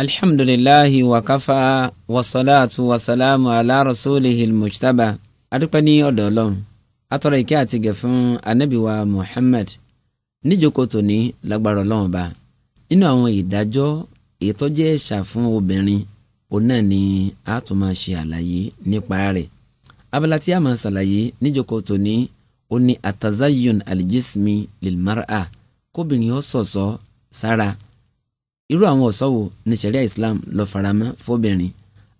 alhamdulilahi wakafa wasalaatu wasalaamu ala rasulihi mujtaba adúpẹ́ ní ọ̀dọ̀ ọlọ́run atọ́rọ ìkẹ́ àti gẹ̀ fún anabiwa muhammad níjókòó tòní lágbára ọlọ́run ba nínú àwọn ìdájọ́ ìtọ́jú ẹ̀ṣà fún obìnrin òun náà ni a tún máa ṣe àlàyé nípa rẹ̀ abala tí a máa ṣàlàyé níjókòó ó ní atazayun alijismi lilmara kóbìnrin ó ṣọ̀ṣọ́ sára. So irú àwọn ọ̀ṣọ́ wo ni ṣẹ̀ríà Islam lọ faramọ́ fóbìnrin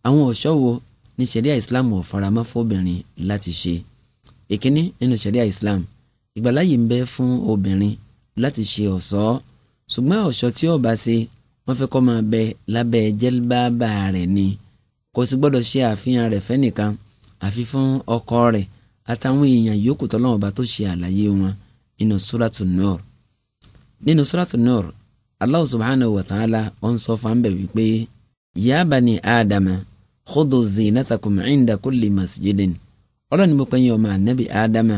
àwọn ọ̀ṣọ́ wo ni ṣẹ̀ríà Islam ò faramọ́ fóbìnrin láti ṣe ìkíní nínú ṣẹ̀ríà Islam ìgbàláyè ń bẹ fún obìnrin láti ṣe ọ̀ṣọ́ ṣùgbọ́n ọ̀ṣọ́ tí ó bá ṣe wọ́n fẹ́ kó máa bẹ lábẹ́ jẹ́lbábà rẹ̀ ni kò sì gbọ́dọ̀ ṣe àfihàn rẹ̀ fẹ́nìkan àfi fún ọkọ rẹ̀ àtàwọn èèyàn yòókù tọ́lọ́wọ́n tó ṣe àlàyé wọn nínú Suratu Nur nínú Suratu allah subhanahu wa ta'ala ọ̀n sọ fanbẹ̀ wípé ya bani adama khudhu zinatakum inda kulli masjidin ọlọ́ni mo pẹ́yìn ọmọ anabi adama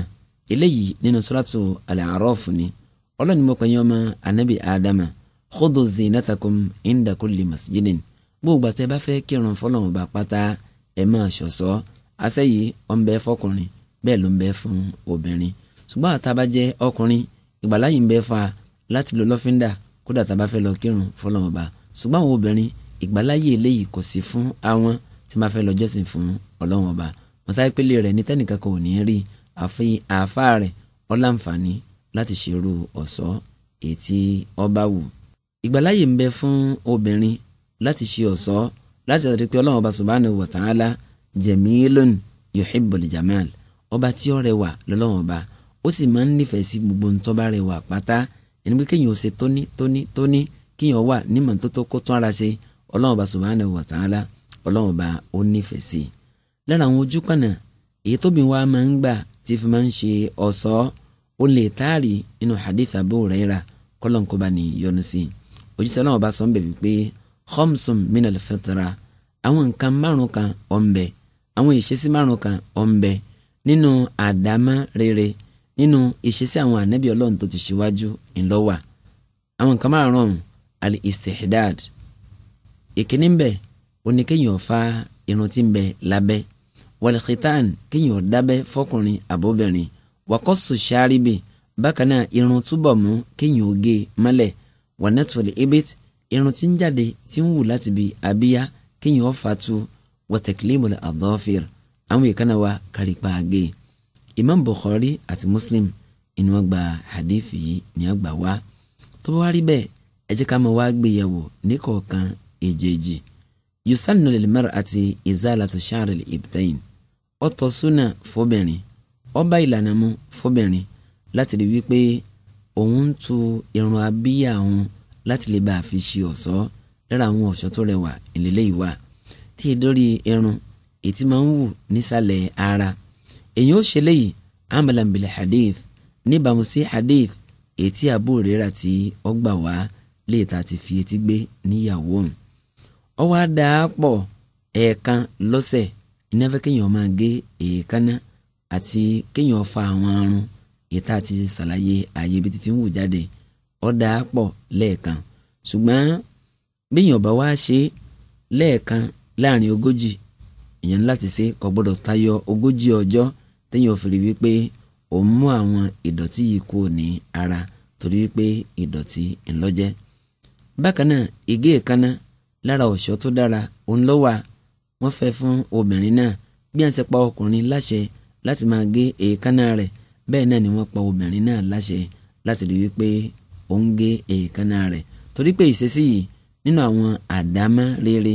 eléyìí nínú suratu al-A'raf ni ọlọ́ni mo pẹ́yìn ọmọ anabi adama khudhu zinatakum inda kulli masjidin gbogbo àti ẹ bá fẹ́ kírun fọlọ́run bá pátá ẹ máa ṣọ̀ṣọ́ asẹ́yìí ọ̀n bẹ fọkùnrin bẹ́ẹ̀ ló ń bẹ fún obìnrin ṣùgbọ́n àtàbàjẹ́ ọkùnrin ìgbàláyìí fa láti lo lọ́fíńdà kódà tá a bá fẹ́ lọ kírun fọlọ́mọba ṣùgbọ́n àwọn obìnrin ìgbàláyè eléyìí kò sí fún àwọn tí máa fẹ́ lọ jọ́sìn fún ọlọ́mọba mọ̀tá ìpele rẹ̀ ní tẹ́nìkan kan ò ní rí àfi àáfà rẹ̀ ọ̀làǹfààní láti ṣerú ọ̀ṣọ́ ètí ọba wù. ìgbàláyè ń bẹ fún obìnrin láti ṣe ọ̀ṣọ́ láti rí pé ọlọ́mọba subhanahu wa ta'ala jamilun yuhibbul jamal ọba tí ó rẹwà lọ́lọ́mọba ó sì yẹn pé kéèyàn ò ṣe tóní tóní tóní kéèyàn wà nímọ̀ tó tó kó tún ara ṣe ọlọ́run bá subhanahu wa ta'ala ọlọ́run bá ó nífẹ̀ẹ́ sí i. lára àwọn ojú pànà èyí tóbi wa máa ń gbà tí fi máa ń ṣe ọ̀ṣọ́ ó lè táàrí nínú hadith Abu Huraira kọ́lọ́nkọ́ba ní yọnu sí i. òjíṣẹ́ ọlọ́run bá sọ ń bẹ̀ wípé khamsun minal fitra àwọn nǹkan márùn kan ọ̀nbẹ àwọn ìṣesí márùn kan ọ̀nbẹ nínú àdámá rere nínú ìṣesí àwọn ànábì ọlọ́run tó ti ṣíwájú ńlọ́wà àwọn nǹkan márùn ọ̀hún àlè istihdad ìkíní ń bẹ òní kéèyàn fa irun tí ń bẹ lábẹ́ wàlìkìtàn kéèyàn dábẹ́ fọkùnrin àbóbìnrin wàkọ́sù ṣáríbì bákan náà irun túbọ̀ mú kéèyàn oge mọ́lẹ̀ wọ̀nẹ́tòlì ibit irun tí ń jáde tí ń wù láti bi abíyá kéèyàn fatu wọ̀tẹ̀kìlímù àdọ́fìr àwọn ìkànnà wa kárípa Imam Bukhari àti Muslim inú wọn gba hadith yìí ní àgbà wá tó bá wá rí bẹ́ẹ̀ ẹ jẹ́ ká máa wá gbéyàwó níkọ̀ọ̀kan èjèèjì yusannu lil mar'ati izalatu sha'ril ibtain ọ̀tọ̀ suna fóbìnrin ọba ìlànà mu fóbìnrin láti rí wípé òun tu irun abíyá òun láti lè bá a fi ṣe ọ̀ṣọ́ lára àwọn ọ̀ṣọ́ tó rẹwà ìlélẹ́yìí wà tí èdórí irun ètí máa ń wù nísàlẹ̀ ara èyí ó ṣe léyìí amalan bil hadith níbàámu sí hadith etí Abu Huraira tí ó gbà wá léèta ti fi etí gbé níyàwó òun ó wá dà á pọ̀ ẹ̀ẹ̀kan lọ́sẹ̀ iná fẹ́ kéèyàn máa gé èékánná àti kéèyàn fa àwọn arun ìta àti ṣàlàyé ààyè ibi títí ń wù jáde ó dà pọ̀ lẹ́ẹ̀kan ṣùgbọ́n bíyàn bá wá ṣe lẹ́ẹ̀kan láàrin ogójì èèyàn láti ṣe kò gbọ́dọ̀ tayọ ogójì ọjọ́ téèyàn ò fi rí wípé òun mú àwọn ìdọ̀tí yìí kúrò ní ara torí wípé ìdọ̀tí ńlọ́jẹ́ bákan náà ìgé èékánná lára ọ̀ṣọ́ tó dára òun ló wà wọ́n fẹ́ fún obìnrin náà bí wọ́n ṣe pa ọkùnrin láṣẹ láti máa gé èékánná rẹ̀ bẹ́ẹ̀ náà ni wọ́n pa obìnrin náà láṣẹ láti rí wípé ó ń gé èékánná rẹ̀ torí pé ìṣesí yìí nínú àwọn àdámá rere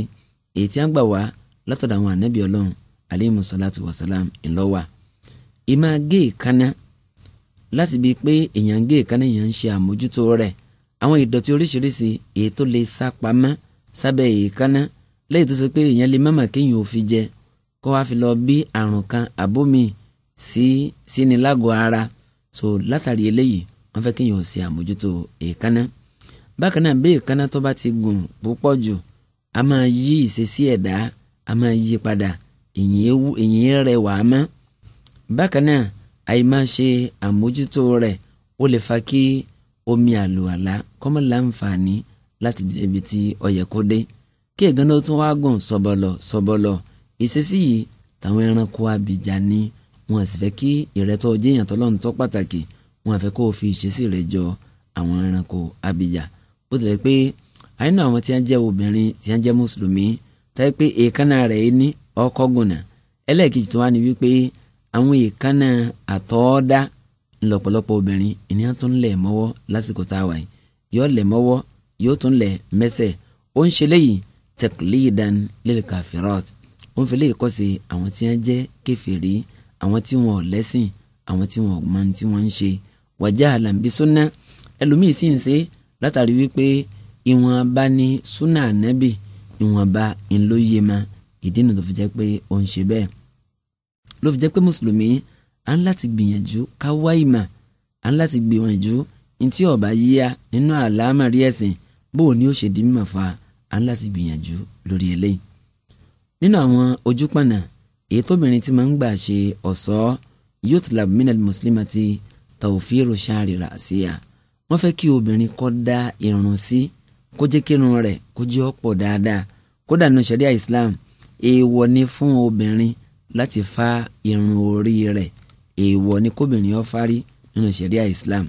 èyí tí a gbà wá látọ̀dọ̀ àwọn ànábì ọlọ́run aleyhi wasalam ńlọ́wà ìmọ̀ gé ìkànnà láti bíi pé èèyàn gé ìkànnà èèyàn ń ṣe àmójútó rẹ̀ àwọn ìdọ̀tí oríṣiríṣi èyí tó lè sá pamọ́ sábẹ́ ìkànnà lẹ́yìn tó ṣe pé èèyàn lè mọ̀mọ̀ kéèyàn ò fi jẹ kó wá fi lọ bí àrùn kan àbómi sí síni lágọ̀ọ́ ara so látàrí eléyìí wọ́n fẹ́ kéèyàn ò ṣe àmójútó ìkànnà bákan náà bí ìkànnà tó bá ti gùn púpọ̀ jù a máa yí ìṣesí ẹ̀dá a máa yí padà èyí rẹwà á bákan náà àìmáa ṣe àmójútó rẹ̀ ó lè fa kí omi àlùwàlá kọ́mọ́ láǹfààní láti ibi tí ó yẹ kó dé kí ẹ̀gán náà tún wá gùn sọ̀bọ̀lọ̀ sọ̀bọ̀lọ̀ ìṣesí yìí táwọn ẹranko abìjà ni wọn sì fẹ́ kí ìrẹ́tọ́ jẹ́yàn tọ́lọ́run tó pàtàkì wọn àfẹ́ kó o fi ìṣesí rẹ̀ jọ àwọn ẹranko abìjà bó tilẹ̀ pé àyínú àwọn tí wọ́n jẹ́ obìnrin tí wọ́n jẹ́ mùsùlùmí táyé pé èékánná rẹ̀ ní ọkọ̀ gùnà ẹlẹ́ẹ̀kejì tó wá ní wípé àwọn èèkánná àtọ́ọ́dá lọ́pọ̀lọpọ̀ obìnrin ènìyàn tún lẹ̀ mọ́wọ́ lásìkò tá a wà yìí yóò lẹ̀ mọ́wọ́ yóò tún lẹ̀ mẹ́sẹ̀ ó ń ṣe léyìí tẹ̀kìlíìdán lil kafirat ó ń fi léyìí kọ́ sí àwọn tí wọ́n jẹ́ kèfèrí àwọn tí wọ́n lẹ́sìn àwọn tí wọ́n mọ tí wọ́n ń ṣe wàjá àlàǹbí súnà ẹlòmíì sì ń ṣe látàrí wípé ìwọ̀n bá ní súnà ànábì ìwọ̀n bá ń lóye ma ìdí nù tó fi jẹ́ pé ó ń ṣe bẹ́ẹ̀ ló fi jẹ́ pé mùsùlùmí à ń láti gbìyànjú ká wá ìmọ̀ à ń láti gbìyànjú ntí ọba yíya nínú àlámọ̀rí ẹ̀sìn bóò ni ó ṣe di mímọ̀ fa à ń láti gbìyànjú lórí eléyìí. nínú àwọn ojúpọ̀nà èyí tóbìnrin ti máa ń gbà ṣe ọ̀ṣọ́ yutlab minal muslimati tawfiru shari ra'siya wọ́n fẹ́ kí obìnrin kó dá irun sí kó jẹ́ kírun rẹ̀ kó jẹ́ ọ̀pọ̀ dáadáa kódà nínú ṣẹ̀ríà Islam èèwọ̀ ni fún obìnrin láti fa irun orí rẹ̀ èèwọ̀ ni kóbìnrin ó fárí nínú ṣẹ̀ríà Islam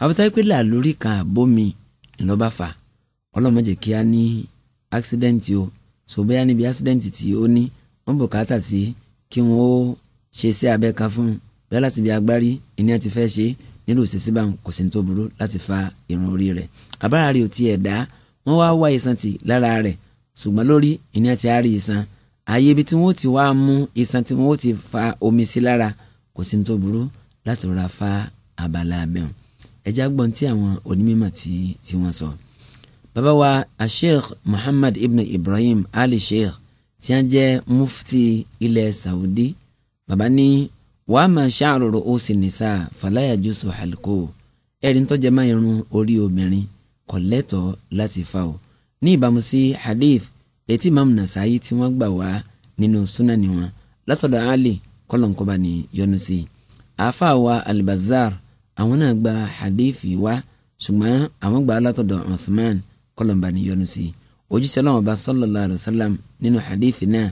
àbútáyé pé làlórí kan àbómi ńlọ́ba fà ọlọ́mọdé kí á ní accident o ṣùgbọ́n yá níbi accident tí ó ní wọ́n bùkátà sí kí wọ́n ó ṣe sí abẹ́ kan fún un bẹ́ẹ̀ láti bí agbárí ìní àti fẹ́ ṣe nílò òṣèṣì kò sí tó burú láti fa irun orí rẹ̀ àbára rẹ̀ ò tiẹ̀ dá wọ́n wá wá iṣan tì lára rẹ̀ ṣùgbọ́n lórí ìní àti àárí iṣan ààyè ibi tí wọ́n ti wá mú iṣan tí wọ́n ti fa omi sí lára kò sí ní tó burú láti rọra fa abala abẹ́hùn ẹja gbọ́n tí àwọn onímọ̀ tí wọ́n sọ. bàbá asheikh muhammad ibn ibrahim ali sheikh tí a jẹ́ mufti ilẹ̀ saudi bàbá ní wàá máa ṣàròrò ó sì nìsa fàlàyà jùsù halko ẹ̀rí ń tọ́jà máa irun orí obìnrin kò lẹ́tọ̀ọ́ láti fa o ní ìbámu sí hadith etí imam nasayi tí wọ́n gbà wá nínú súnà ni wọn látọ̀dọ̀ ali kọ́lọ̀nkọ́ba ni yọnu sí i àáfà wa albazar àwọn náà gba hadithi wá ṣùgbọ́n àwọn gbà látọ̀dọ̀ uthman kọ́lọ̀nba ni yọnu sí i ojúṣe aláwọ̀ bá sallallahu alayhi wa sallam nínú hadithi náà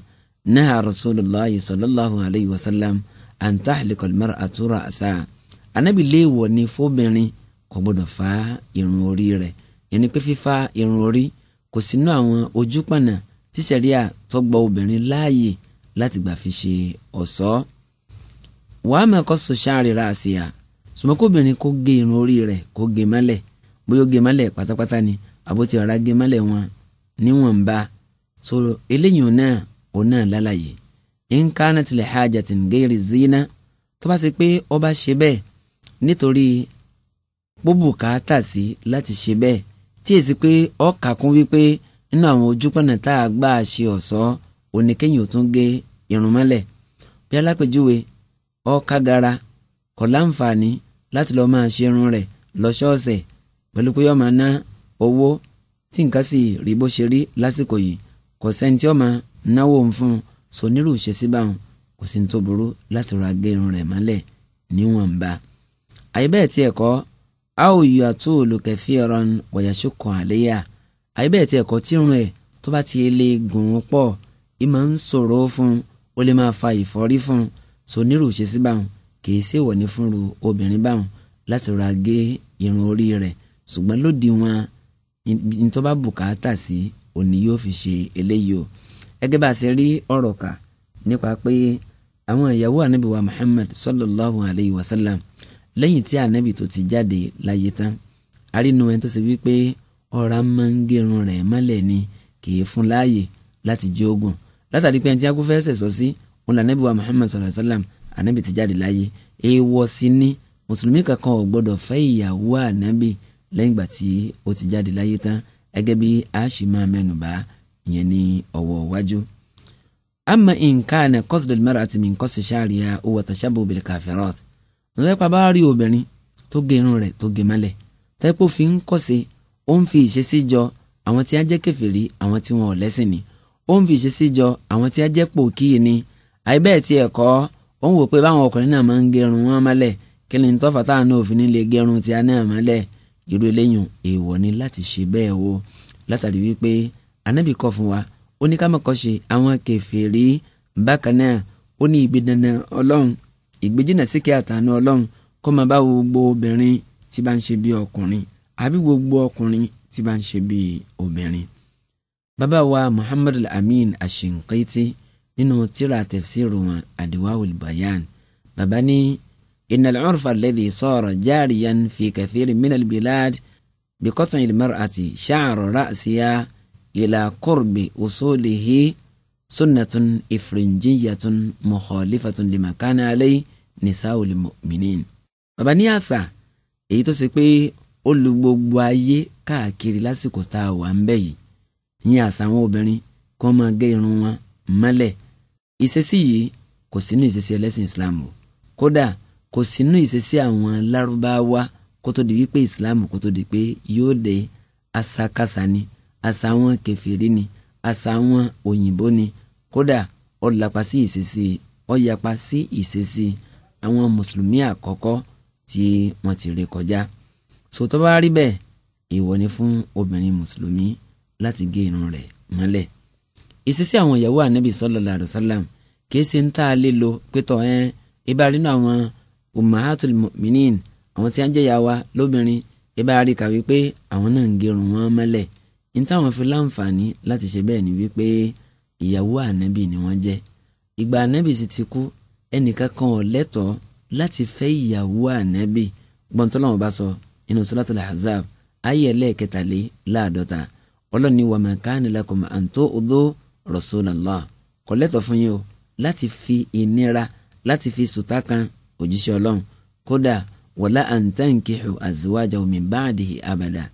náà rasulillah sallallahu alayhi wa sallam an tahliqa al-mar'atu anabi léèwọ̀ ni fóbìnrin kò gbọdọ̀ fa irun orí rẹ̀ yẹn ni pé fífa irun orí rẹ̀ kò sínú àwọn ojúpọ̀nà tí sẹ̀ríà tó gba obìnrin láàyè láti gbà fi ṣe ọ̀ṣọ́ wàá máa kọ́ sọ ṣáàrì ra àṣìyà sọmọkóbìnrin kó gé irun orí rẹ̀ kó gé mọ́lẹ̀ bóyá ó gé mọ́lẹ̀ pátápátá ni àbótí ọ̀rá gé mọ́lẹ̀ wọn níwọ̀nba so eléyìí náà òun náà lálàyé nǹkan tilẹ̀ hajatin gẹ́rì zina tó bá ṣe pé ọba ṣe bẹ́ẹ̀ nítorí bùbùkátà sí láti ṣe bẹ́ẹ̀ tí èsì pé ọkà kún wípé nínú àwọn ojúpọ̀nà tá a gbà ṣe ọ̀ṣọ́ oníkéyìn ò tún gé irun mọ́lẹ̀ bí alápèjúwe ọkà gara kò láǹfààní láti lọ́ọ́ máa ṣe irun rẹ̀ lọ́sọ̀ọ̀sẹ̀ pẹ̀lú pé yọ́ọ́ máa ná owó tí nǹkan sì rí bó ṣe rí lásìkò yìí kò sẹ́ni tí yọ́ọ́ máa náwó ń fún un sọ nírú ìṣesí báwọn kò sí ní tó burú láti ra gé irun rẹ̀ mọ́lẹ̀ níwọ̀nba àyè tiẹ̀ kọ́ a ò yọ àtó olùkẹ́fì ọ̀rọ̀n wọ̀yàṣó kan àléyà àyíbẹ̀ tí ẹ̀kọ́ tí ń rẹ̀ tó bá ti lè gùn ún pọ̀ ì máa ń ṣòro fún ó lè máa fa ìfọ́rí fún so nírò ṣe sí báwọn kì í ṣèwọ̀ ní fúnru obìnrin báwọn láti ra gé irun orí rẹ̀ ṣùgbọ́n lóde wọn ní tó bá bùkátà sí òní yóò fi ṣe eléyìí o gẹ́gẹ́ bá a ṣe rí ọ̀rọ̀ kà nípa pé àwọn ìyàwó ànábìwá Muhammad sallallahu alayhi wa sallam lẹ́yìn tí ànábì tó ti jáde láyé tán arínú ẹni tó ṣe wípé ọ̀rá máa ń gérun rẹ̀ mọ́lẹ̀ ni kì í fún láàyè láti jẹ ogun látàrí pé ẹni tí akúfẹ́ sẹ̀sọ́ sí òun lànàbí wa Muhammad sallallahu alayhi wa sallam ànábì ti jáde láyé èèwọ̀ sí ni mùsùlùmí kankan ò gbọ́dọ̀ fẹ́ ìyàwó ànábì lẹ́yìn ìgbà tí ó ti jáde láyé tán gẹ́gẹ́ bí a ṣì máa mẹ́nubà ìyẹn ní ọ̀wọ̀ wájú. amma in kana qasdul mar'ati min qasdi sha'riha huwa tashabbuh bil kafirat lẹ́pàá bá rí obìnrin tó gé irun rẹ̀ tó gé mọ́lẹ̀ tẹ́pọ̀ fi ń kọ̀sẹ̀ ó ń fi ìṣesí jọ àwọn tí a jẹ́ kèfèrí àwọn tí wọn ò lẹ́sìn ni ó ń fi ìṣesí jọ àwọn tí a jẹ́ pòkíyì ni àìbẹ́ẹ̀ tí ẹ̀ kọ́ ó ń wò pé báwọn ọkùnrin náà máa ń gẹrun wọn mọ́lẹ̀ kí ni tọ́fà táwọn náà òfin lè gẹrun tí a náà mọ́lẹ̀ irú eléyìn èèwọ̀ ni láti ṣe bẹ́ẹ̀ o látàrí wípé anábì kọ́ fún wa ó ní ká má ṣe àwọn kèfèrí bákan náà ó ní ibi dandan ọlọ́run ìgbéjìnà síkẹ àtàánú Ọlọ́run kó máa bá gbogbo obìnrin tí bá ń ṣe bí ọkùnrin àbí gbogbo ọkùnrin tí bá ń ṣe bí obìnrin. bàbá wa Muhammad Al-Amin Ash-Shinqiti nínú tírà tafsiru wọn Adiwaul Bayan bàbá ní innal urfa alladhi sara jariyan fi kathirin minal bilad biqat'il mar'ati sha'ra ra'siha ila qurbi usulihi sunnatun ifrinjiyatun mukhalifatun lima kana alayhi nisaul mu'minin. bàbá ní àṣà èyí tó ṣe pé ó lu gbogbo ayé káàkiri lásìkò tá a wà ń bẹ̀ yìí ní àṣà àwọn obìnrin kó máa gé irun wọn mọ́lẹ̀ ìṣesí yìí kò sínú ìṣesí ẹlẹ́sìn Islam o kódà kò sínú ìṣesí àwọn lárúbáwá kó tó di wípé Islam kó tó di pé yóò dé àṣàkáṣà ni àṣà àwọn kèfèrí ni àṣà àwọn òyìnbó ni kódà ó lapa sí ìṣesí ó yapa sí ìṣesí àwọn mùsùlùmí àkọ́kọ́ tí wọ́n ti ré kọjá sòtọ́ bá rí bẹ́ẹ̀ èèwọ̀ ni fún obìnrin mùsùlùmí láti gé irun rẹ̀ mọ́lẹ̀ ìṣesí àwọn ìyàwó ànábì sallallahu alaihi wasallam kìí ṣe ń tà á lé lo pétọ́ ẹ́ ibà rínú àwọn ummahatul mu'minin àwọn tí wọ́n jẹ́ ìyá wa lóbìnrin ibà rí kà wípé àwọn náà ń gé irun wọn mọ́lẹ̀ ní táwọn fi láǹfààní láti ṣe bẹ́ẹ̀ ni wípé ìyàwó ànábì ni wọ́n jẹ́ ìgbà ànábì sì ti kú ẹnìkan kan ò lẹ́tọ̀ọ́ láti fẹ́ ìyàwó ànábì gbọ́ntọ́lọ́wọ́n bá sọ inú suratul Ahzab ayé ẹlẹ́ẹ̀kẹtàlẹ́ láàdọ́ta ọlọ́ni wa ma kana lakum an tu'dhu Rasulallah kò lẹ́tọ̀ọ́ fún yín o láti fi ìnira láti fi sùtá kan òjíṣẹ́ ọlọ́run kódà wala an tankihu azwajahu min ba'dihi abada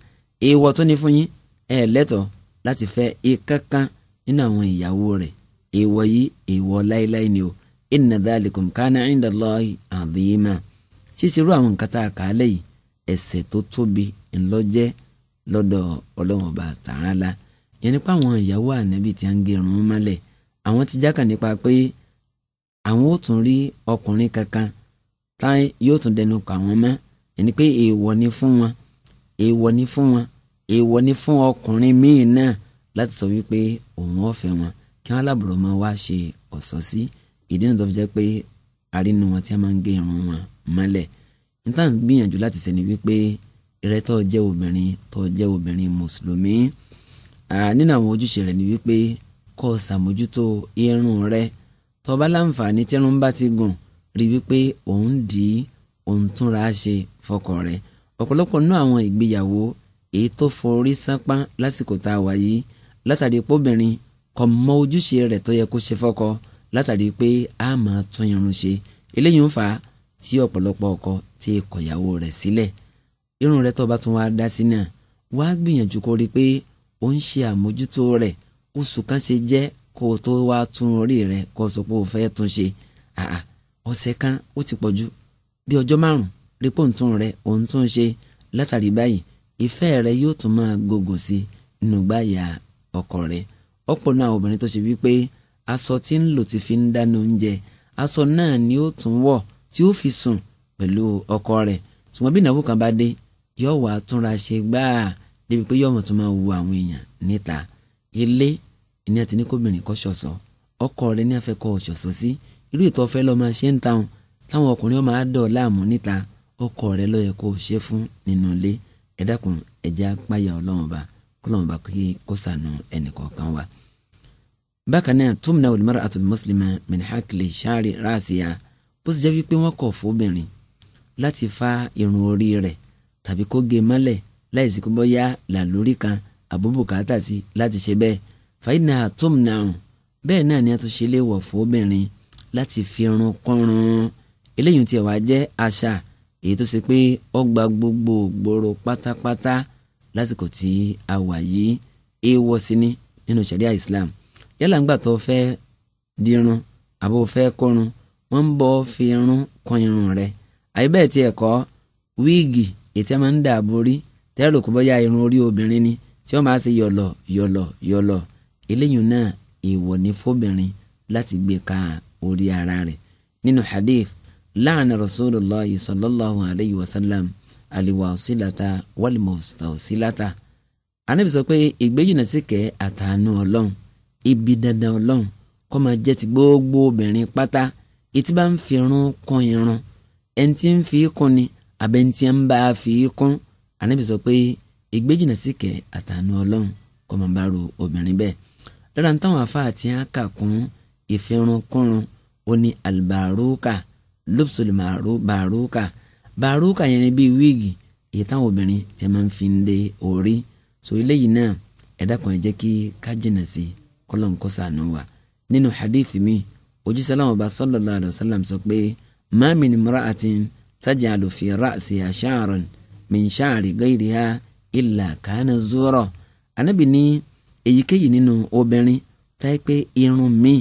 èèwọ̀ tó ní fún yín ẹ̀ lẹ́tọ̀ọ́ láti fẹ́ ìkankan nínú àwọn ìyàwó rẹ̀ èèwọ̀ yìí èèwọ̀ láéláé ni o inna dhalikum kana inda Allahi adhima ṣíṣirú àwọn nǹkan tá a kà á lẹ́yìn ẹ̀ṣẹ̀ tó tóbi ńlọ́jẹ́ lọ́dọ̀ Ọlọ́hun Ọba Ta'ala yẹn nípa àwọn ìyàwó ànábì tí a ń gẹrun mọ́lẹ̀ àwọn ti jákà nípa pé àwọn ò tún rí ọkùnrin kankan táyé yóò tún dẹnu kọ àwọn mọ́ ẹni pé èèwọ̀ ni fún wọn èèwọ̀ ni fún wọn èèwọ̀ ni fún ọkùnrin míì náà láti sọ wípé òun ọ̀fẹ́ wọn kí wọ́n alábòrò máa wá ṣe ọ̀ṣọ́ sí ìdí náà tó fi jẹ́ pé àrínú wọn tí a máa ń gé irun wọn mọ́lẹ̀ níta gbìyànjú láti ṣe ni wípé rẹ tó jẹ́ obìnrin tó jẹ́ obìnrin mùsùlùmí nínú àwọn ojúṣe rẹ̀ ni wípé kó o ṣàmójútó irun rẹ tó bá láǹfààní tí irun bá ti gùn rí wípé òun dì í òun túnra ṣe fọkọ rẹ̀ ọ̀pọ̀lọpọ̀ nínú àwọn ìgbéyàwó èyí tó forí sápá lásìkò tá a wà látàrí pé obìnrin kò mọ ojúṣe rẹ̀ tó yẹ kó ṣe fọ́kọ látàrí pé a máa tún irun ṣe eléyìí ń fà á tí ọ̀pọ̀lọpọ̀ ọkọ tí kọ̀yàwó rẹ̀ sílẹ̀ irun rẹ̀ tó bá tún wá dá sí náà wá gbìyànjú kó rí i pé ó ń ṣe àmójútó rẹ̀ oṣù kan ṣe jẹ́ kó o tó wá tún orí rẹ̀ kó o sọ pé o fẹ́ tún ṣe àà ọ̀sẹ̀ kan ó ti pọ̀jù bí ọjọ́ márùn rí pòǹtún rẹ̀ òun tún ṣe látàrí báyìí ìfẹ́ rẹ̀ yóò tún máa gògò sí nùgbàyà ọkọ rẹ̀ ọ̀pọ̀ náà obìnrin tó ṣe wípé aṣọ tí ń lò ti fi ń dáná oúnjẹ aṣọ náà ni ó tún wọ̀ tí ó fi sùn pẹ̀lú ọkọ rẹ̀ ṣùgbọ́n bí ìnáwó kan bá dé yóò wá túnra ṣe gbáà débi pé yóò tó máa wu àwọn èèyàn níta ilé ni a ti ní kóbìnrin kọ́ ṣọ̀ṣọ́ ọkọ rẹ̀ ní afẹ́kọ́ ṣọ̀ṣọ́ sí irú ìtọ́ fẹ́ lọ́ọ́ máa ṣe ń tàun táwọn ọkùnrin ọmọ àádọ́ láàmú níta ọkọ rẹ̀ ló kó ṣe fún nínú ilé ẹ dákun ẹ apáyà ọlọ́run bá kọlọ́mọba kí kó sànù ẹnìkọ̀ọ̀kan wa. bákan náà tumna al-mar'atu al-muslima min hakli shari rasiya bó ti jẹ́ wípé wọ́n kọ̀ fóbìnrin láti fa irun orí rẹ̀ tàbí kó gé e mọ́lẹ̀ láìsí kó bọ́yá làlórí kan àbúbùkátà sí láti ṣe bẹ́ẹ̀ fàyínà tumna bẹ́ẹ̀ náà ni a tún ṣe léèwọ̀ fóbìnrin láti fi irun kọrun eléyìí tí ẹ̀ wá jẹ́ àṣà èyí tó ṣe pé ó gbogbo gbòòrò pátápátá lásìkò tí a wà yìí èèwọ̀ sí ni nínú ṣàríà Islam yálà ń gbà tó fẹ́ dirun àbò fẹ́ kórun wọ́n ń bọ́ fi irun kún irun rẹ̀ àyè bẹ́ẹ̀ tiẹ̀ kọ́ wíìgì ètí a máa ń dààbò rí tẹ́rù kó bọ́yá irun orí obìnrin ni tí wọ́n máa ṣe yọ̀lọ̀ yọ̀lọ̀ yọ̀lọ̀ eléyìí náà èèwọ̀ ní fóbìnrin láti gbé ka orí ara rẹ̀ nínú hadith láàánú rasulillah sallallahu alayhi wa sallam aliwasilata osilata anabi sọ pé ìgbéjìnà síkẹ àtàánú Ọlọ́run ibi dandan Ọlọ́run kó máa jẹ́ ti gbogbo obìnrin pátá etí bá ń fi irun kún irun ẹni tí ń fi kún ni abẹ́ni tí ń bá a fi kún anabi sọ pé ìgbéjìnà síkẹ àtàánú Ọlọ́run kó máa bá ro obìnrin bẹ́ẹ̀ lọ́dà táwọn afáà ti ń kà kún ìfẹ́rùnkúrun ó ní albaruka lóbsùlùmọ̀ bàrúkà baruka yẹn ni bíi wíìgì èyí táwọn obìnrin ti máa ń fi ń de orí so eléyìí náà ẹ̀dá kan jẹ́ kí kájìnà sí kọ́lọ́nkọ́sà nù wá nínú hadith mi ojúṣe aláwọ̀ bá sallallahu alaihi wasallam sọ pé ma min imra'atin taj'alu fi ra'siha sha'ran min sha'ri ghayriha illa kana zura anábì ní èyíkéyìí nínú obìnrin táyé pé irun mi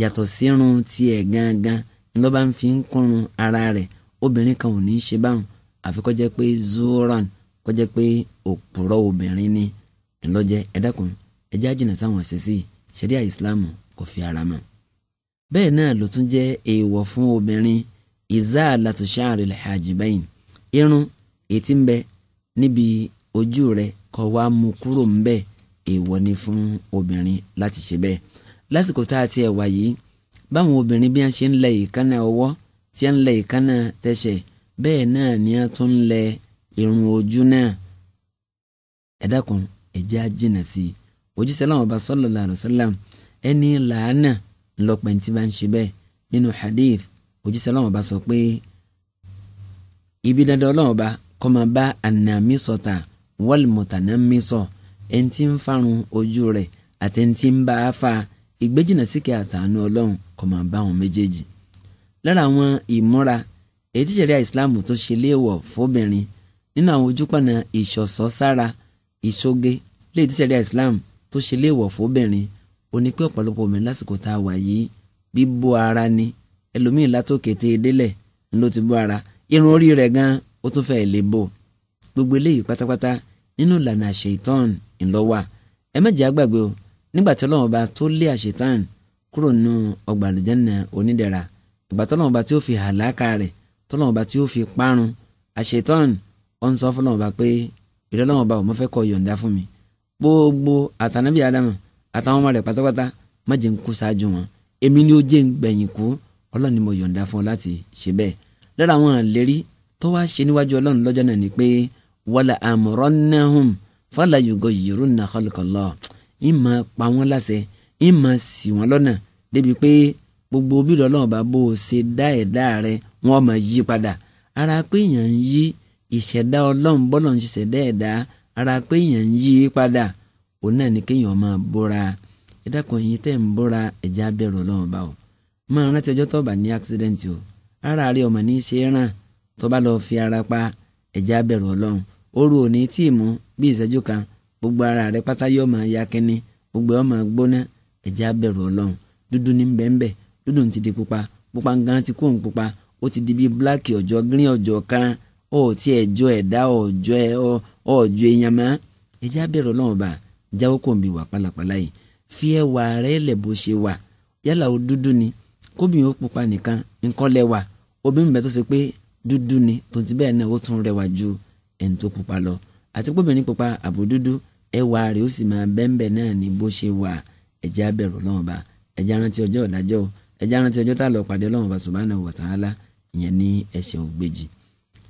yàtọ̀ sí irun tiẹ̀ gangan ńlọ́ba ń fi ń kúrun ara rẹ̀ obìnrin kan ò ní í ṣe báwọn àfi kó pé zoran kó jẹ́ pé òpùrọ̀ obìnrin ni ńlọ́jẹ́ ẹ̀dákun ẹjẹ́ àjùnà sáwọn àṣẹṣe ṣẹ̀ríà ìsìláàmù kò fi ara mọ́. bẹ́ẹ̀ náà ló tún jẹ́ èèwọ̀ fún obìnrin ìzá àlàtúnṣáàrì lẹ́hàjìbẹ́yìn irun ètí ń bẹ níbi ojú rẹ kó wá mú kúrò ń bẹ èèwọ̀ ni fún obìnrin láti ṣe bẹ́ẹ̀ lásìkò tá a ti ẹ̀ wá yìí báwọn obìnrin bí wọ́n ṣe ń lẹ̀ ìkánná ọwọ́ tí a ń lẹ ìkánná tẹsẹ̀ bẹ́ẹ̀ náà ni a tún ń lẹ irun ojú náà ẹ dákun ẹ sí i òjíṣẹ́ láwọn ọba sallallahu alaihi wasallam ẹni làánà ńlọpẹ̀ tí bá ń ṣe bẹ́ẹ̀ nínú hadith òjíṣẹ́ láwọn ọba sọ pé ibi dandan ọlọ́wọ́n ọba kọ́ máa bá ànàmí sọ̀tà wọ́ọ̀lì mọ̀tànàmí sọ ẹni tí ń farun ojú rẹ̀ àti ẹni ń bá a fa ìgbéjìnà síkẹ́ àtàánú ọlọ́run kọ́ máa bá àwọn méjèèjì lára àwọn ìmúra èyí tí ṣẹ̀ríà Islam tó ṣe léèwọ̀ fóbìnrin nínú àwọn ojúpọ̀nà ìṣọ̀ṣọ́ sára ìṣoge léyìí tí ṣẹ̀ríà Islam tó ṣe léèwọ̀ fóbìnrin ó ní pé ọ̀pọ̀lọpọ̀ obìnrin lásìkò tá a wà yìí bíbó ara ni ẹlòmíì látòkè tẹ délẹ̀ ló ti bó ara irun orí rẹ̀ gan ó tún fẹ́ lè bò gbogbo eléyìí pátápátá nínú ìlànà àṣetán ńlọ́wà ẹ mẹ́jẹ̀ àgbàgbé o nígbà tí Ọlọ́run bá tó lé àṣetán kúrò nínú ọgbà àlùjànnà onídẹ̀ra ìgbà tọ́lọ́wọ́n bá tí ó fi hàlákà rẹ̀ tọ́lọ́wọ́n bá tí ó fi parun àṣetán ó ń sọ fọlọ́wọ́n bá pé ìrọ́lọ́wọ́n bá òun fẹ́ kọ́ yọ̀ǹda fún mi gbogbo àtànábì Ádámù àtàwọn ọmọ rẹ̀ pátápátá má jẹ́ ń kú ṣáájú wọn èmi ni ó jẹ́ ń gbẹ̀yìn kú ọlọ́run ni mo yọ̀ǹda fún ọ láti ṣe bẹ́ẹ̀ lára àwọn àlérí tó wá ṣe níwájú ọlọ́run lọ́jọ́ náà ni pé wala amrannahum fala yughayyirunna khalqallah ìmọ̀ pa wọ́n láṣẹ ìmọ̀ ṣì gbogbo obiru Ọlọ́run bá bó o ṣe dá ẹ̀dá rẹ wọ́n máa yí padà ara pé èèyàn ń yí ìṣẹ̀dá Ọlọ́run ẹ̀dá ara pé èèyàn ń yí padà òun náà ni kéèyàn máa bóra ẹ dákun ẹ̀yin tẹ́ ń bóra ẹ̀já o máa rántí ọjọ́ tó bá ní accident o ara rẹ ọmọ ní í ṣe ràn tó bá fi ara pa ẹ̀já bẹ̀rù Ọlọ́run oru òní tí ì mú bí ìṣẹ́jú kan gbogbo ara rẹ pátá yóò máa ya kínní gbogbo ọmọ gbóná ẹ̀já bẹ̀rù lódò ti di pupa pupa gan ti kóhùn pupa ó ti di bí bíláàkì ọjọ́ green ọjọ́ kan ó ti ẹjọ́ ẹ̀dá ọjọ́ ẹ ọjọ́ èèyàn mọ́ ẹjẹ́ abẹ́rẹ́ ọlọ́run bá jáwọ́ kò ń bi wà pálapàla yìí fi ẹwà rẹ lẹ̀ bó ṣe wà yálà ó dúdú ni kóbìnrin ó pupa nìkan nǹkan lẹ́wà obìnrin bẹ́ẹ̀ tó ṣe pé dúdú ni tòǹtì bẹ́ẹ̀ náà ó tún rẹwà ju ẹni tó pupa lọ àti kóbìnrin pupa àbò dúdú ẹwà rẹ ó sì máa bẹ́ńbẹ́ náà ní bó ṣe wà ẹjẹ́ abẹ́rẹ́ ọlọ́run bá ẹjẹ́ arántí ẹjẹ́ arántí ọjọ́ tá a lọ pàdé ọlọ́run subhanahu wa ta'ala ìyẹn ní ẹ̀ṣẹ̀ ògbèjì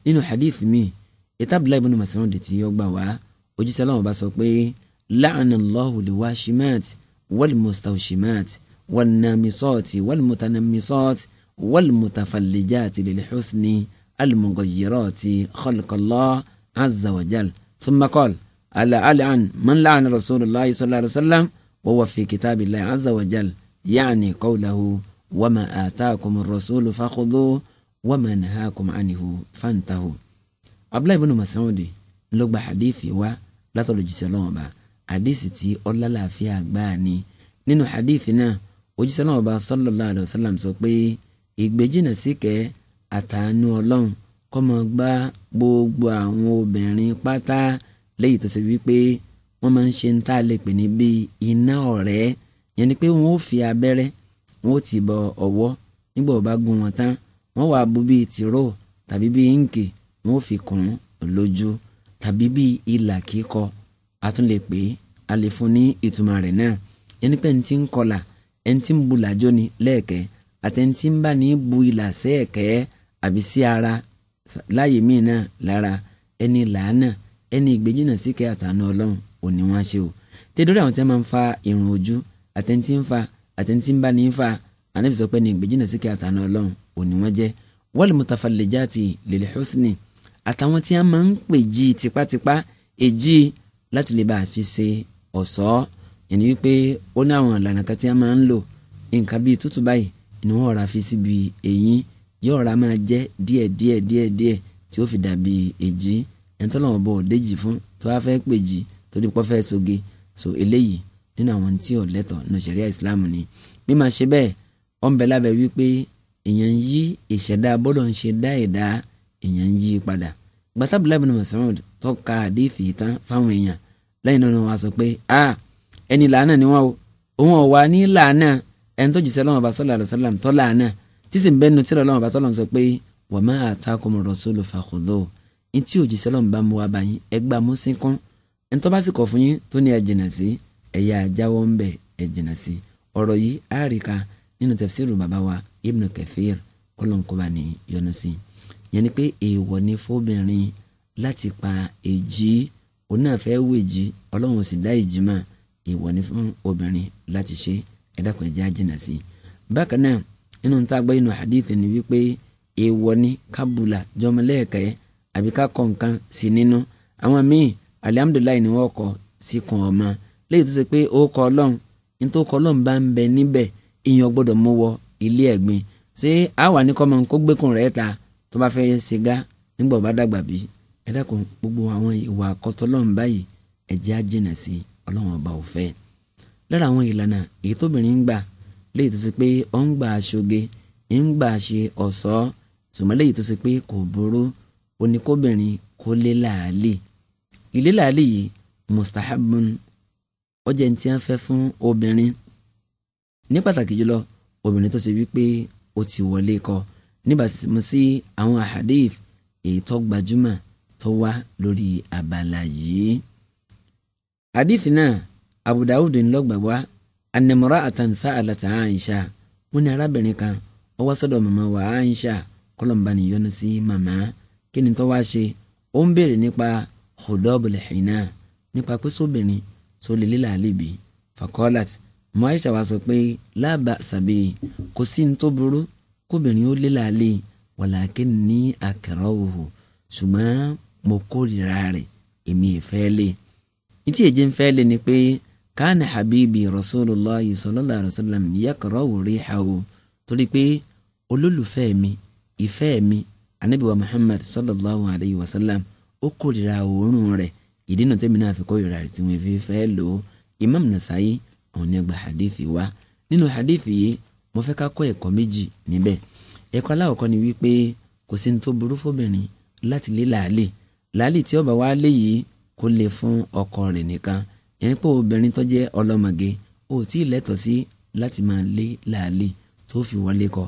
nínú hadith mi ìtàbílẹ̀ ibn Mas'ud tí ó gbà wá òjíṣẹ́ ọlọ́run bá sọ pé la'ana Allahu al-washimat wal-mustawshimat wal-namisat wal-mutanammisat wal-mutafallijat lil-husni al-mughayyirat khalqa Allah azza wa jal thumma qala ala al'an man la'ana Rasulullah sallallahu alaihi wa huwa fi kitabillahi azza wa jal ya'ni qawluhu wama ataakum rasulu fakhudhu wama nahakum anhu fantahu. abdullahi ibn masaudi ló gba hadithi wa látọ̀dọ̀ jùsẹ̀ lọ́wọ́ bá hadithi tí ọlọ́láàfíà gbáà ni nínú hadithi náà òjíṣẹ́ lọ́wọ́ bá sallallahu alaihi wasallam sọ pé ìgbéjìnà síkẹ́ àtàánú ọlọ́run kọ́mọ gbá gbogbo àwọn obìnrin pátá lẹ́yìn tó ṣe wípé wọ́n máa ń ṣe ń tá lè pè ní bíi iná ọ̀rẹ́ yẹn ni pé wọ́n ó fi abẹ́rẹ́ wọn ó ti bọ ọwọ́ nígbà ó bá gún wọn tán wọn wàá bu bíi tìró tàbí bíi íǹkì wọn ó fi kùn lójú tàbí bíi ìlà kíkọ a tún lè pè é a lè fún ní ìtumọ̀ rẹ̀ náà yẹn ní pé ẹni tí ń kọlà ẹni tí ń bu làjọ ni lẹ́ẹ̀kẹ́ àtẹni tí ń bá ní bu ìlà sẹ́ẹ̀kẹ́ àbí sí ara láàyè míì náà lára ẹni làánà ẹni ìgbéjìnà síkẹ́ àtàánú ọlọ́run òní wọn ṣe o tẹ́dọ́rẹ́ àwọn tí wọ́n máa ń fa irun ojú àtẹni ń fa àti ní tí ń bá ní fa anabi sọ pé ní ìgbéjìnà sí kí àtànà ọlọ́run òní wọ́n jẹ́ wal mutafallijati lil husni àtàwọn tí a máa ń pè jí tipátipá èjì láti lè bá a fi ṣe ọ̀ṣọ́ yẹn wípé ó ní àwọn ìlànà kan tí a máa ń lò nǹkan bíi tútù báyìí ni wọ́n rà fi síbi èyí yóò rà máa jẹ́ díẹ̀ díẹ̀ díẹ̀ díẹ̀ tí ó fi dàbí èjì ẹ̀ńtọ́lọ́wọ́ bọ̀ déjì fún tó a fẹ́ pè jí torí pọ́ fẹ́ soge so eléyìí nínú àwọn tí ò lẹ́tọ̀ nínú ṣẹ̀ríà ìsìláàmù ni bí màá ṣe bẹ́ẹ̀ wọ́n bẹ lábẹ́ wípé èèyàn ń yí ìṣẹ̀dá bọ́lọ̀ ń ṣe dá ẹ̀dá èèyàn ń yí padà gbàtàbílà ibn Mas'ud tọ́ka àdéfì tán fáwọn èèyàn lẹ́yìn náà wọ́n sọ pé a ẹni làánà ni wọ́n o òun ò wá ní làánà ẹni tó jùsọ̀ lọ́wọ́ bá sallallahu alaihi wasallam tọ́ làánà tí sì ń bẹ́ẹ̀ nu tíra lọ́wọ́ bá tọ́lọ́ sọ pé wa ma atakum rasulu fakhudhuhu ní tí òjìṣẹ́ lọ́wọ́ bá mú wa báyìí ẹgbàá mú sínkún ẹni tó bá sì kọ̀ fún yín tó ní ẹ jìnà sí ẹ̀yà àjáwọ́ ń bẹ̀ ẹ̀ jìnnà sí ọ̀rọ̀ yìí àríkà nínú tafsiru bàbá wa Ibn Kathir kọ́lọ́nkọ́ba ní yọnu sí yẹn ni pé èèwọ̀ ni fóbìnrin láti pa èjì òun náà fẹ́ wèjì ọlọ́run sì dá èjì mọ́ èèwọ̀ ni fún obìnrin láti ṣe ẹ̀dàkùn ẹ̀já jìnnà sí bákan náà nínú tá a gbọ́ inú hadith ni wípé èèwọ̀ ni kábùlà jọmọlẹ́ẹ̀kẹ́ àbí ká kọ̀ nǹkan sí nínú àwọn míì alihamudulilayi ni wọ́n kọ sí kan ọmọ léyìí tó ṣe pé ó kọ ọlọ́run ní tó kọ ọlọ́run bá ń bẹ níbẹ̀ èèyàn gbọ́dọ̀ mú wọ ilé ẹ̀gbin ṣé àwa ní kọ́mọ kó gbẹ́kùn rẹ̀ ta tó bá fẹ́ ṣègá nígbà bá dàgbà bí ẹ dákun gbogbo àwọn ìwà àkọ́tọ́ ọlọ́run báyìí ẹ̀jẹ̀ á jìnà sí ọlọ́run ọba òfẹ́ lára àwọn ìlànà èyí tóbìnrin ń gbà léyìí tó ṣe pé ó ń gbà aṣoge ń gbà ṣe ọ̀ṣọ́ ṣùgbọ́n léyìí tó ṣe pé kò burú oníkóbìnrin kó lé làálì ìlé làálì yìí mustahabun ó jẹ́ ntí wọ́n fẹ́ fún obìnrin ní pàtàkì jùlọ obìnrin tó ṣe wípé ó ti wọlé kọ níbàámu sí àwọn ahadif èyí tó gbajúmọ̀ tó wá lórí abala yìí. hadif náà Abu Dawud ńlọgbàgbà anamora atansa alata Aisha wọn ni arábìnrin kan ó wá sọ́dọ̀ màmá wa Aisha kọlọmba nìyọnu sí màmá kí ni tó wá ṣe ó ń béèrè nípa hudobul hina nípa pé sórí lílà àlìbí fàkọ́lát mọ Aisha wa sọ pé lába sàbí kò sí ní tó burú kóbìnrin ó lílà àlè wàlàkín ní àkàrà òhù ṣùgbọ́n mo kórìíra rẹ̀ èmi ìfẹ́ lé ìtì èjì ń fẹ́ lé ni pé káàní habibi rasulillah sallallahu alayhi wa sallam yakọ̀rọ̀ òrí ha o torí pé olólùfẹ́ mi ìfẹ́ mi anabiwa muhammad sallallahu alayhi wa sallam ó kórìíra òórùn rẹ̀ ìdínà tẹ́mi náà fi kórìíra rẹ̀ tí wọ́n fi fẹ́ lò ó Imam Nasa'i òun ni ẹgbà hadithi wa nínú hadithi yìí mo fẹ́ ká kọ́ ẹ̀kọ́ méjì níbẹ̀ ẹ̀kọ́ aláwọ̀kọ́ ni wípé kò sí ní tó burú fóbìnrin láti lé làálì làálì tí ó bá wá lé yìí kó lè fún ọkọ rẹ̀ nìkan yẹn pé obìnrin tó jẹ́ ọlọ́mọge ò tí ì lẹ́tọ̀ọ́ sí láti máa lé làálì tó fi wọlé kọ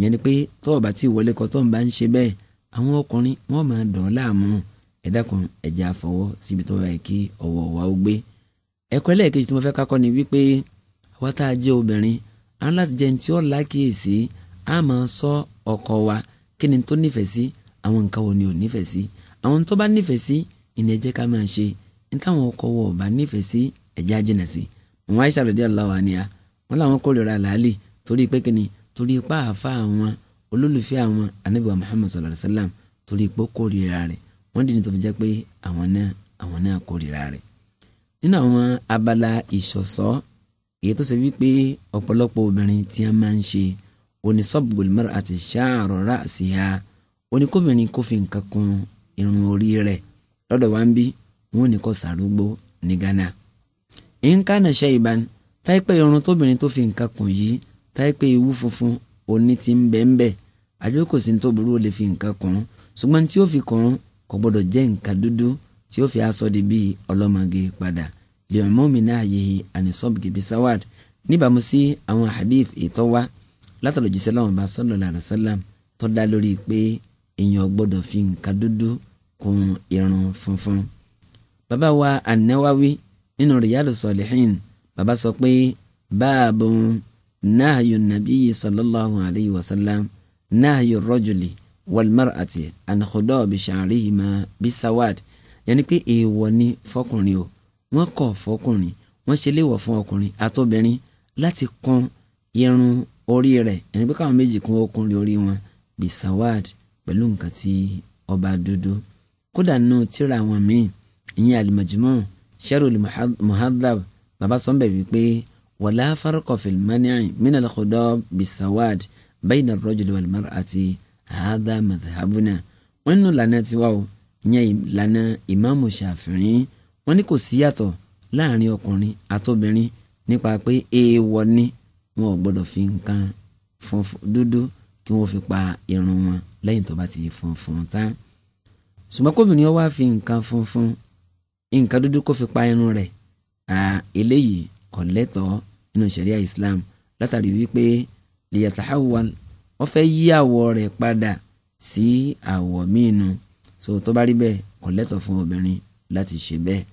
yẹn pé tó bá wọlé kọ tó ń bá ń ṣe bẹ́ẹ̀ àwọn ọkùnrin wọ́n máa dàn láàmú ẹ dákun ẹ jẹ́ àfọwọ́ síbi tó báyìí kí ọwọ́ wa ó gbé ẹ̀kọ́ ẹlẹ́ẹ̀kejì tí mo fẹ́ kákọ́ ni wípé àwa tá a jẹ́ obìnrin à ń láti jẹ́ ní tí ó lákìyèsí a máa sọ ọkọ wa kí ni tó nífẹ̀ẹ́ sí àwọn nǹkan wo ni ò nífẹ̀ẹ́ sí àwọn tó bá nífẹ̀ẹ́ sí ìní ẹjẹ́ ká máa ṣe nítawọ̀n ọkọ wọ̀ bá nífẹ̀ẹ́ sí ẹjẹ́ àjìnà sí wọn Aisha radiyallahu anha wọn làwọn kórìíra làálì torí pé kíni torí ipá àfa àwọn olólùfẹ́ àwọn Ànábì wa sallallahu alayhi wa sallam torí ipò kórìíra rẹ̀ wọ́n dì ní tó fi jẹ́ pé àwọn náà àwọn náà kórìíra rẹ̀ nínú àwọn abala ìṣọ̀ṣọ́ èyí tó ṣe wípé ọ̀pọ̀lọpọ̀ obìnrin tí a máa ń ṣe onísọ́bùbùl mọ́ra àti ṣáàrọ̀ rà sí ha oníkóbìnrin kó fi nǹkan kun irun orí rẹ̀ lọ́dọ̀ wá ń bí wọn ò ní kó sàrúgbó ní Ghana nkánà ṣẹ́yìnbán táìpẹ́ irun tóbìnrin tó fi nǹkan kùn yìí táìpẹ́ ewu funfun òní ti ń bẹ́ẹ̀ bẹ́ẹ̀ àjọ kò tó burú ó lè fi nǹkan kùn ṣùgbọ́n tí ó fi kùn kò gbọ́dọ̀ jẹ́ nǹkan dúdú tí ó fi aṣọ di bíi ọlọ́mọge padà lèèmọ́ mi náà yìí ànisọ́b gèbè sáwàd níbàámu sí àwọn hadith ètò wa látọ̀rọ̀ jíṣẹ́ láwọn bá sọ́dọ̀ làrá sálàm tó dá lórí pé èèyàn gbọ́dọ̀ fi nǹkan dúdú kún irun funfun. bàbá wa anáwáwí nínú rìyádù sọ̀lìhìn bàbá sọ pé báàbù náà yóò nàbí sallallahu alayhi wa sallam náà yóò rọ́jùlì wàlmarati anakodọ bisharihima bisawad yẹni pé èèwọ̀ ni fọkùnrin o wọ́n kọ̀ fọkùnrin wọ́n ṣe léèwọ̀ fún ọkùnrin àtobìnrin láti kan irun orí rẹ̀ yẹni pé káwọn méjì kún ọkùnrin orí wọn bisawad pẹ̀lú nǹkan tí ọba dúdú kódà nù tíra àwọn míì ìyẹn alimajumọ sharul muhadab baba sọ́nbẹ̀ wípé wàlá farakọ̀fìl mánìrín mínàlẹ́kọ̀dọ́ bisawad bayna ar-rajuli wal mar'ati. Hada madhhabuna wọ́n nínú lànà tiwa o ìyẹn lànà ìmáàmù Ṣàfi'í wọ́n ní kò sí yàtọ̀ láàrin ọkùnrin àtobìnrin nípa pé èèwọ̀ ni wọn ò gbọ́dọ̀ fi nǹkan funfun dúdú kí wọ́n fi pa irun wọn lẹ́yìn tó bá ti funfun tán ṣùgbọ́n kóbìnrin ọ fi nǹkan funfun nǹkan dúdú kó fi pa irun rẹ̀ eléyìí kò nínú ṣẹ̀ríà Islam látàrí wípé liyatahawwal wọ́n fẹ́ yí àwọ̀ rẹ̀ padà sí àwọ̀ míì so tó bá rí bẹ́ẹ̀ kò lẹ́tọ̀ fún obìnrin láti ṣe bẹ́ẹ̀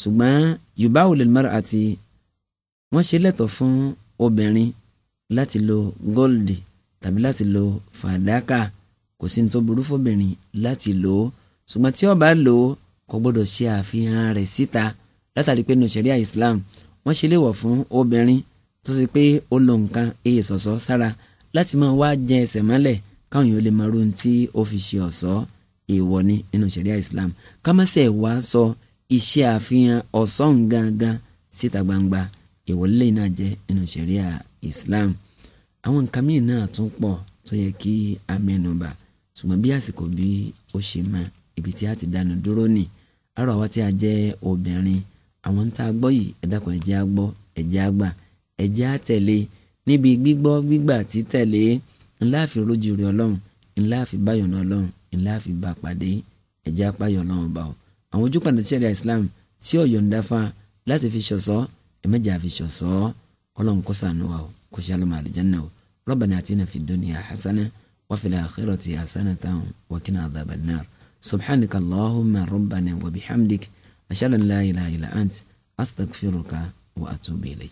ṣùgbọ́n yubahu lil mar'ati wọ́n ṣe lẹ́tọ̀ fún obìnrin láti lo góòlì tàbí láti lo fàdákà kò sí ní tó burú fóbìnrin láti lò ó ṣùgbọ́n tí ó bá lò ó kò gbọ́dọ̀ ṣe àfihàn rẹ̀ síta látàrí pé nùsẹ̀ríà Islam wọ́n ṣe léwọ̀ fún obìnrin tó ṣe pé ó lo nǹkan èyí sọ̀sọ́ sára láti máa wá jẹ ẹsẹ̀ mọ́lẹ̀ káwọn yóò lè máa ronú tí ó fi ṣe ọ̀ṣọ́ èèwọ̀ ni nínú ṣẹ̀ríà Islam kámẹ́sẹ̀ wá sọ iṣẹ́ àfihàn ọ̀ṣọ́ ngangan síta gbangba èèwọ̀ lẹ́yìn náà jẹ́ nínú ṣẹ̀ríà Islam àwọn nǹkan míì náà tún pọ̀ tó yẹ kí a mẹ́nubà ṣùgbọ́n bí àsìkò bí ó ṣe máa ibi tí a ti dánu dúró nì àrò àwa tí a jẹ́ obìnrin àwọn ń ta gbọ́ yìí ẹ dákun ẹ á gbọ́ ẹ á gbà ẹ á tẹ̀lé níbi gbígbọ́ gbígbà títẹ̀lé ńlá fi rójú rí ọlọ́run ńlá fi báyọ̀ náà ọlọ́run ńlá fi bá pàdé ẹ̀jẹ̀ apáyọ̀ náà bá ọ. àwọn ojú pàdé sí ẹ̀rẹ́ Islam tí ọ̀yọ̀ ń dáfa láti fi ṣọ̀ṣọ́ ẹ̀mẹ́jà fi ṣọ̀ṣọ́ ọlọ́run kó ṣàánú wa o kó ṣe alọ́mọ àlùjánnà o Rabbana atina fid dunya hasana wa fil akhirati hasanatan wa qina adhaban nar subhanaka Allahumma rabbana wa bihamdik ashhadu an la